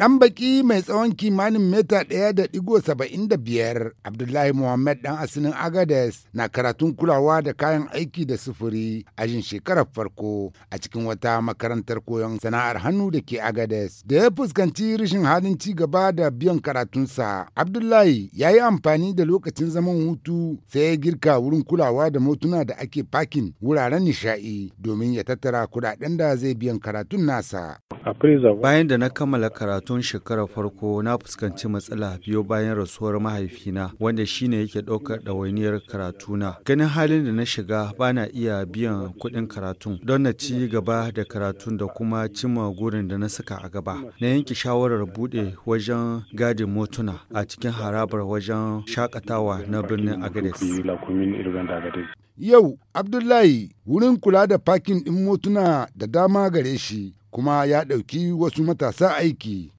Ɗan baki mai tsawon kimanin mita ɗaya da ɗigo saba'in da biyar, Abdullahi Muhammad ɗan asinin Agades na karatun kulawa da kayan aiki da sufuri a jin shekarar farko a cikin wata makarantar koyon sana'ar hannu da ke Agades. Da ya fuskanci rashin halin ci gaba da biyan karatunsa, Abdullahi ya yi amfani da lokacin zaman hutu sai ya girka wurin kulawa da motuna da ake fakin wuraren nishaɗi domin ya tattara kuɗaɗen da zai biyan karatun nasa. Bayan da na kammala karatun shekarar farko na fuskanci matsala biyo bayan rasuwar mahaifina wanda shine yake ɗaukar ɗawainiyar karatuna. Ganin halin da na shiga bana iya biyan kuɗin karatun don na ci gaba da karatun da kuma cimma gurin da na saka a gaba. Na yanke shawarar buɗe wajen gadin motuna a cikin harabar wajen shakatawa na birnin Agades. Yau, Abdullahi wurin kula da pakin ɗin motuna da dama gare shi kuma ya ɗauki wasu matasa aiki.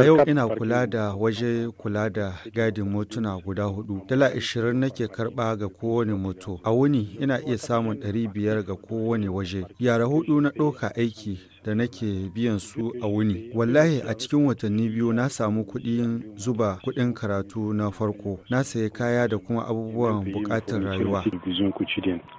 A yau ina kula da waje kula da gadin motuna guda hudu. Dala ishirin nake karba ga kowane moto. A wuni ina iya samun ɗari biyar ga kowane waje. Yara hudu na ɗauka aiki da nake biyan su a wuni. Wallahi a cikin watanni biyu na samu kuɗin zuba kuɗin karatu na farko. Na sayi kaya da kuma abubuwan buƙatar rayuwa.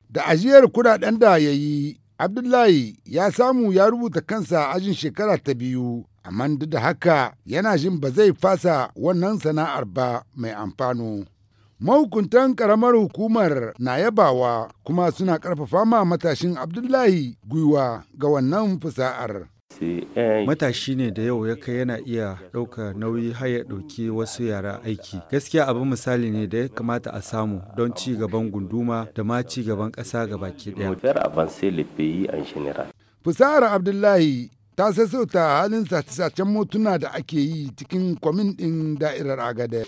Da ajiyar kuɗaɗen da ya yi Abdullahi ya samu ya rubuta kansa ajin shekara ta biyu, amma duk da haka yana jin ba zai fasa wannan sana'ar ba mai amfano. Mahukuntan ƙaramar hukumar na yabawa kuma suna ƙarfafa ma matashin Abdullahi gwiwa ga wannan fasa'ar. Matashi ne da yau ya kai yana iya ɗauka nauyi har ya ɗauki wasu yara aiki. Gaskiya abin misali ne da ya kamata a samu don ci gaban gunduma da ma ci gaban ƙasa baki ɗaya. Fusahar Abdullahi ta sassauta halin sace-sacen motuna da ake yi cikin kwamin ɗin da'irar agada